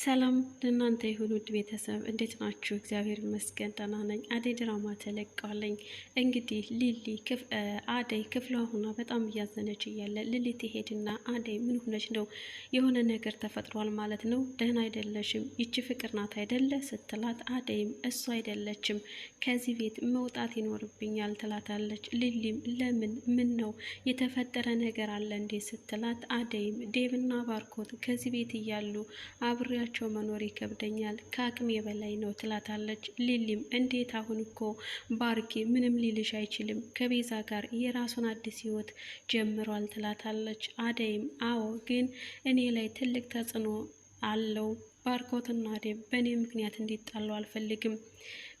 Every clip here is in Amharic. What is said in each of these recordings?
ሰላም ለእናንተ ይሁን ውድ ቤተሰብ፣ እንዴት ናችሁ? እግዚአብሔር ይመስገን ደህና ነኝ። አደይ ድራማ ተለቀዋለኝ። እንግዲህ ሊሊ አደይ ክፍሏ ሁና በጣም እያዘነች እያለ ሊሊ ትሄድና አደይ ምን ሆነች ነው? የሆነ ነገር ተፈጥሯል ማለት ነው። ደህና አይደለሽም፣ ይቺ ፍቅር ናት አይደለ? ስትላት አደይም እሱ አይደለችም፣ ከዚህ ቤት መውጣት ይኖርብኛል ትላታለች። ሊሊም ለምን ምን ነው የተፈጠረ ነገር አለ እንዴ? ስትላት አደይም ዴብና ባርኮት ከዚህ ቤት እያሉ አብሬ ብቻቸው መኖር ይከብደኛል፣ ከአቅሜ በላይ ነው ትላታለች። ሊሊም እንዴት አሁን እኮ ባርኬ ምንም ሊልሽ አይችልም፣ ከቤዛ ጋር የራሱን አዲስ ህይወት ጀምሯል ትላታለች። አደይም አዎ፣ ግን እኔ ላይ ትልቅ ተጽዕኖ አለው። ባርኮትና አደይ በእኔ ምክንያት እንዲጣሉ አልፈልግም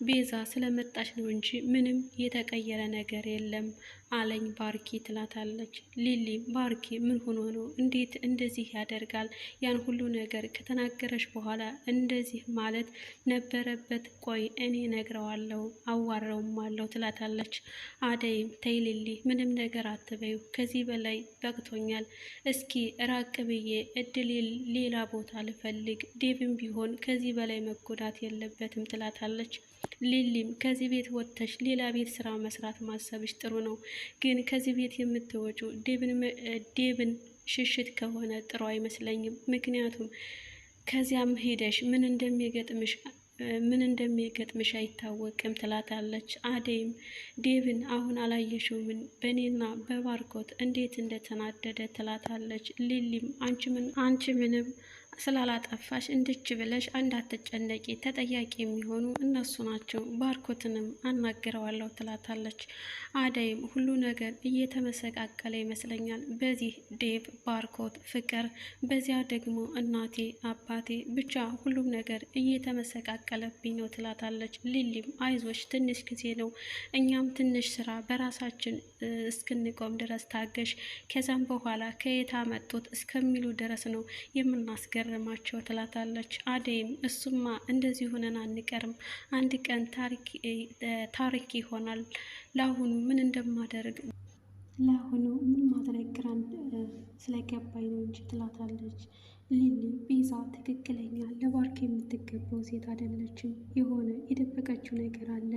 ቤዛ ስለመጣች ነው እንጂ ምንም የተቀየረ ነገር የለም አለኝ ባርኪ ትላታለች። ሊሊ ባርኪ ምን ሆኖ ነው እንዴት እንደዚህ ያደርጋል? ያን ሁሉ ነገር ከተናገረች በኋላ እንደዚህ ማለት ነበረበት። ቆይ እኔ ነግረዋለሁ፣ አዋረውም አለው ትላታለች። አደይም ተይ ሊሊ ምንም ነገር አትበዩ፣ ከዚህ በላይ በቅቶኛል። እስኪ ራቅ ብዬ እድል ሌላ ቦታ ልፈልግ። ዴቭም ቢሆን ከዚህ በላይ መጎዳት የለበትም ትላታለች። ሊሊም ከዚህ ቤት ወጥተሽ ሌላ ቤት ስራ መስራት ማሰብሽ ጥሩ ነው፣ ግን ከዚህ ቤት የምትወጩ ዴብን ሽሽት ከሆነ ጥሩ አይመስለኝም። ምክንያቱም ከዚያም ሄደሽ ምን እንደሚገጥምሽ ምን እንደሚገጥምሽ አይታወቅም ትላታለች። አደይም ዴብን አሁን አላየሽውምን በእኔና በባርኮት እንዴት እንደተናደደ ትላታለች። ሊሊም አንቺ ምንም ስላላጠፋሽ እንድች ብለሽ እንዳትጨነቂ ተጠያቂ የሚሆኑ እነሱ ናቸው፣ ባርኮትንም አናግረዋለሁ ትላታለች። አደይም ሁሉ ነገር እየተመሰቃቀለ ይመስለኛል። በዚህ ዴቭ ባርኮት፣ ፍቅር፣ በዚያ ደግሞ እናቴ፣ አባቴ ብቻ ሁሉም ነገር እየተመሰቃቀለብኝ ነው ትላታለች። ሊሊም አይዞች ትንሽ ጊዜ ነው፣ እኛም ትንሽ ስራ በራሳችን እስክንቆም ድረስ ታገሽ፣ ከዛም በኋላ ከየት መጡት እስከሚሉ ድረስ ነው የምናስገ ያስገረማቸው ትላታለች። አደይም እሱማ እንደዚህ ሆነን አንቀርም፣ አንድ ቀን ታሪክ ይሆናል። ለአሁኑ ምን እንደማደርግ ለአሁኑ ምን ማድረግ ግራን ስለገባኝ ነው እንጂ ትላታለች። ሊሊ ቤዛ ትክክለኛ ለባርክ የምትገባው ሴት አይደለችም። የሆነ የደበቀችው ነገር አለ።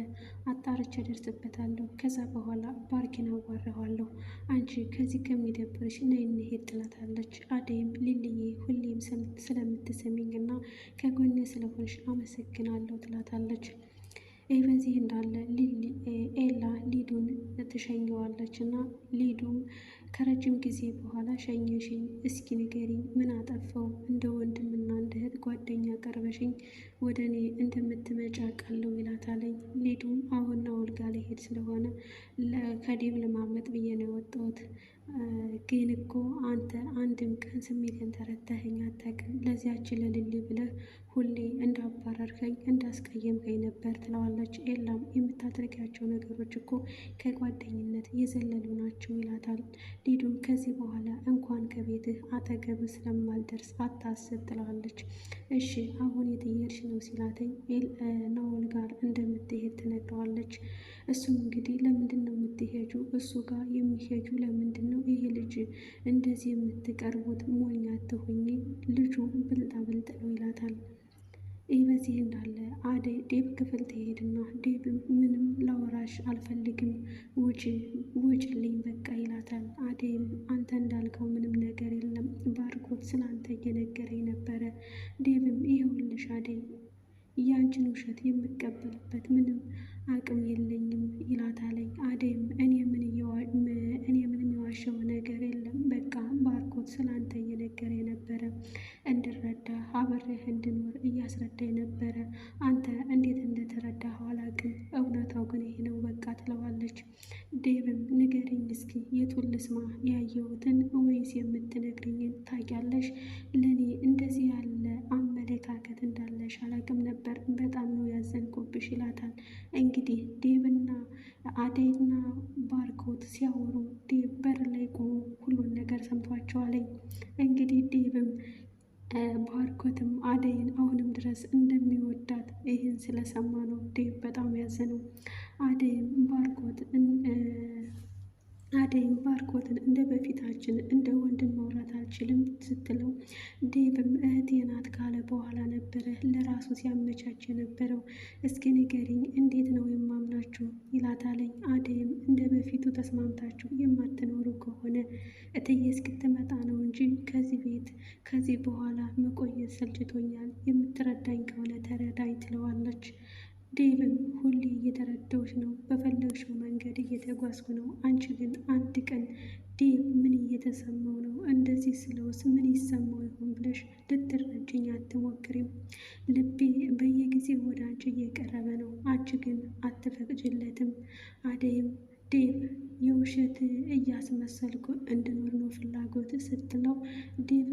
አጣርቼ ደርስበታለሁ ከዛ በኋላ ባርኪን አዋረዋለሁ። አንቺ ከዚህ ከሚደብርሽ ነይ እንሂድ ትላታለች። አደይም ሊልዬ ሁሌም ስለምትሰሚኝ እና ከጎኔ ስለሆንሽ አመሰግናለሁ ትላታለች። ይህ በዚህ እንዳለ ኤላ ሊዱን ትሸኘዋለች እና ሊዱም ከረጅም ጊዜ በኋላ ሸኘሽኝ። እስኪ ንገሪኝ ምን አጠፋው? እንደ ወንድምና እንደ እህት ጓደኛ ቀርበሽኝ ወደ እኔ እንደምትመጪ አውቃለሁ ይላታለኝ። ሊዱም አሁና ወልጋ ሊሄድ ስለሆነ ከዲብ ለማምለጥ ብዬ ነው የወጣሁት። ግን እኮ አንተ አንድም ቀን ስሜትን ተረተኸኝ አታውቅም። ለዚያች ለልል ብለህ ሁሌ እንዳባረርከኝ እንዳስቀየምከኝ ነበር ትለዋለች። ኤላም የምታደርጋቸው ነገሮች እኮ ከጓደኝነት የዘለሉ ናቸው ይላታል። ሊዱም ከዚህ በኋላ እንኳን ከቤትህ አጠገብ ስለማልደርስ አታስብ ትለዋለች። እሺ አሁን የት እየሄድሽ ነው ሲላተኝ ናኦል ጋር እንደምትሄድ ትነግረዋለች። እሱም እንግዲህ ለምንድን ነው የምትሄጁ? እሱ ጋር የሚሄጁ ለምንድን ነው? ይሄ ልጅ እንደዚህ የምትቀርቡት ሞኛ ትሆኚ ልጁ ብልጣ ብልጥ ነው ይላታል። ይህ በዚህ እንዳለ አደይ ዴብ ክፍል ትሄድና ዴብ ምንም ላወራሽ አልፈልግም ውጭልኝ በቃ ይላታል። አደይም አንተ እንዳልከው ምንም ነገር የለም ባርኮት ስለአንተ እየነገረኝ ነበረ። ዴብም ይኸውልሽ አደይ ያንቺን ውሸት የምቀበልበት ምንም አቅም የለኝም ይላታለኝ። አደይም እኔ ምንም የዋሸው ነገር የለም በቃ ባርኮት ስላንተ እየነገረ የነበረ እንድረዳ አብሬህ እንድኖር እያስረዳ የነበረ አንተ እንዴት እንደተረዳ ግን እውነታው ግን ይሄ ነው በቃ ትለዋለች። ዴብም ንገሪኝ እስኪ የቱን ልስማ ያየሁትን ወይስ የምትነግርኝን? ታውቂያለሽ ለእኔ እንደዚህ ያለ አመለካከት እንዳለሽ አላቅም ነበር። በጣም ነው ያዘንኩብሽ ይላታል። እንግዲህ ዴብና አደይና ባርኮት ሲያወሩ ዴብ በር ላይ ቆሞ ሁሉን ነገር ሰምቷቸዋለኝ። እንግዲህ ዴብም ባርኮትም አደይን አሁንም ድረስ እንደሚወዳት ይህን ስለሰማ ነው ዴብ በጣም ያዘነው። አደይም ባርኮት አደይም ባርኮትን እንደ በፊታችን እንደ ወንድም ማውራት አልችልም ስትለው፣ ዴብም እህቴ ናት ካለ በኋላ ነበረ ለራሱ ሲያመቻች የነበረው። እስኪ ንገሪኝ እንዴት ነው የማምናችሁ ይላታለኝ። አደይም እንደ በፊቱ ተስማምታችሁ የማትኖሩ ከሆነ እትዬ እስክትመጣ ነው እንጂ ከዚህ ቤት ከዚህ በኋላ መቆየት ሰልችቶኛል፣ የምትረዳኝ ከሆነ ተረዳኝ ትለዋለች። ዴቭን ሁሌ እየተረዳሁሽ ነው፣ በፈለግሽው መንገድ እየተጓዝኩ ነው። አንቺ ግን አንድ ቀን ዴቭ ምን እየተሰማው ነው እንደዚህ ስለውስ ምን ይሰማው ይሆን ብለሽ ልትረጅኝ አትሞክሪም። ልቤ በየጊዜው ወደ አንቺ እየቀረበ ነው፣ አንቺ ግን አትፈቅጅለትም። አደይም ዴቭ የውሸት እያስመሰልኩ እንድኖር ነው ፍላጎት ስትለው ዴቭ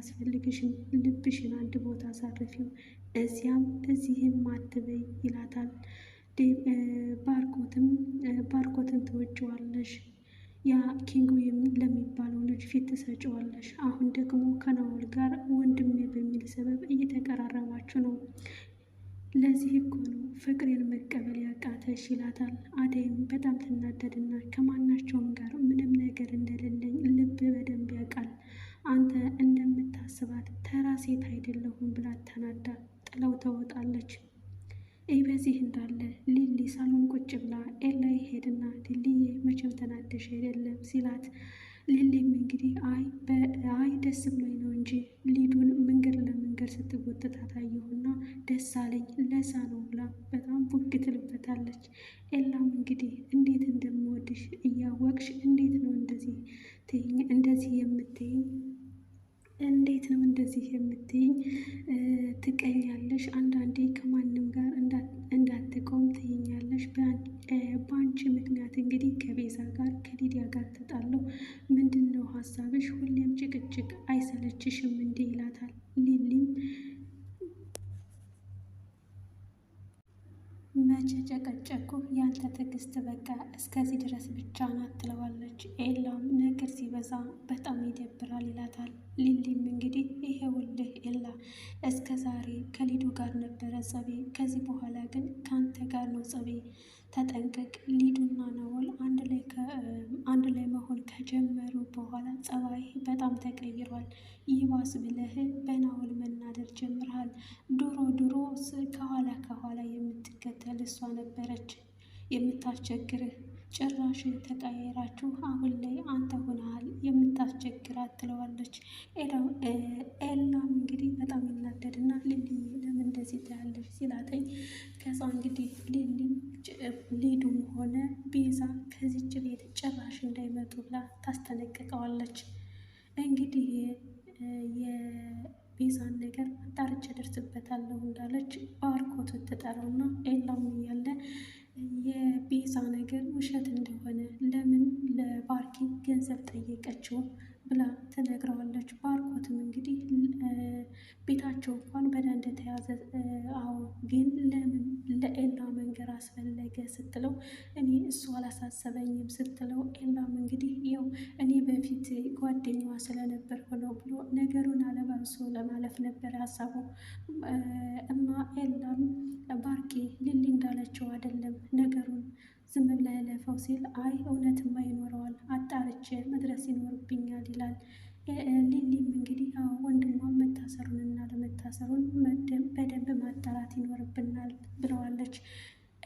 አያስፈልግሽም፣ ልብሽን አንድ ቦታ አሳርፊው፣ እዚያም እዚህም አትበይ ይላታል። ባርኮትም ባርኮትን ትወጪዋለሽ ያ ኪንጉ ለሚባለው ልጅ ፊት ትሰጪዋለሽ። አሁን ደግሞ ከናወል ጋር ወንድሜ በሚል ሰበብ እየተቀራረባችሁ ነው። ለዚህ እኮ ነው ፍቅሬን መቀበል ያቃተሽ ይላታል። አደይም በጣም ትናደድና ከማናቸውም ጋር ምንም ነገር እንደሌለኝ ልብ በደንብ ያውቃል አንተ ስታስባት ተራ ሴት አይደለሁም ብላ ተናዳ ጥለው ተወጣለች። ይህ በዚህ እንዳለ ሊሊ ሳሎን ቁጭ ብላ ኤላ ሄድና ሊሊዬ መቼም ተናደሽ አይደለም ሲላት ሊሊም እንግዲህ አይ ደስ ብሎኝ ነው እንጂ ሊዱን መንገድ ለመንገድ ስትጎትታት አየሁና ደስ አለኝ ለዛ ነው ብላ በጣም ቡግ ትልበታለች። ኤላም እንግዲህ እንዴት እንደምወድሽ እያወቅሽ እንዴት ነው እንደዚህ እንደዚህ የምትይኝ እንዴት ነው እንደዚህ የምትይኝ? ትቀኛለሽ። አንዳንዴ ከማንም ጋር እንዳትቆም ትይኛለሽ። በአንቺ ምክንያት እንግዲህ ከቤዛ ጋር ከሊዲያ ጋር መቼ ጨቀጨኩ ያንተ ትዕግስት በቃ እስከዚህ ድረስ ብቻ ናት ትለዋለች። ኤላም ነገር ሲበዛ በጣም ይደብራል ይላታል። ሊሊም እንግዲህ ይሄውልህ ኤላ እስከ ዛሬ ከሊዱ ጋር ነበረ ጸቤ፣ ከዚህ በኋላ ግን ከአንተ ጋር ነው ጸቤ ተጠንቀቅ። ሊዱና ናሆል አንድ ላይ መሆን ከጀመሩ በኋላ ጸባይ በጣም ተቀይሯል። ይባስ ብለህ በናወል መናደር ጀምረሃል። ድሮ ድሮ ከኋላ ከኋላ የምትከተል እሷ ነበረች የምታስቸግርህ ጭራሽ ተቀየራችሁ። አሁን ላይ አንተ ሆነሃል የምታስቸግራት ትለዋለች። ኤላም እንግዲህ በጣም ብላ ታስጠነቅቀዋለች። እንግዲህ የቤዛን ነገር አጣርቼ ደርስበታለሁ እንዳለች ባርኮት ትጠራውና ኤላም እያለ የቤዛ ነገር ውሸት እንደሆነ ለምን ለባርኪ ገንዘብ ጠየቀችው ብላ ትነግረዋለች። ባርኮትም እንግዲህ ቤታቸው እንኳን በዳ እንደተያዘ አዎ፣ ግን ለምን ለኤላ መንገር አስፈለገ ስትለው እኔ እሱ አላሳሰበኝም ስትለው፣ ኤላም እንግዲህ ያው እኔ በፊት ጓደኛዋ ስለነበር ሆነው ብሎ ነገሩን አለባብሶ ለማለፍ ነበር ሀሳቡ እና ኤላም ባርኬ ልል እንዳለችው አይደለም ነገሩን ዝም ብለህ ለፈው ሲል አይ እውነትማ ይኖረዋል አጣርቼ መድረስ ይኖርብኛል ይላል። ሊሊም እንግዲህ መታሰሩን መታሰሩንና ለመታሰሩን በደንብ ማጣራት ይኖርብናል ብለዋለች።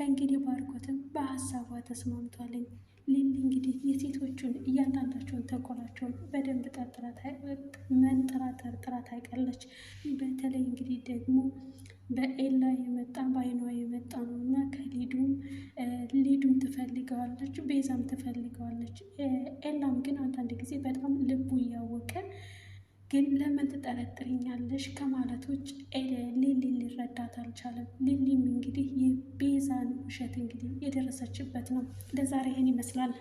እንግዲህ ባርኮትም በሀሳቧ ተስማምቷልኝ። ሊሊ እንግዲህ የሴቶቹን እያንዳንዳቸውን ተንኮላቸውን በደንብ መንጠራጠር ጥራት አይቃለች። በተለይ እንግዲህ ደግሞ በኤላ የመጣ በአይኗ የመጣ ነው እና ከሊዱ ሊዱ ትፈልገዋለች፣ ቤዛም ትፈልገዋለች። ኤላም ግን አንዳንድ ጊዜ በጣም ልቡ እያወቀ ግን ለምን ትጠረጥርኛለሽ ከማለት ውጭ ሊረዳት አልቻለም። ሊሊም እንግዲህ የቤዛን ውሸት እንግዲህ የደረሰችበት ነው። ለዛሬ ይህን ይመስላል።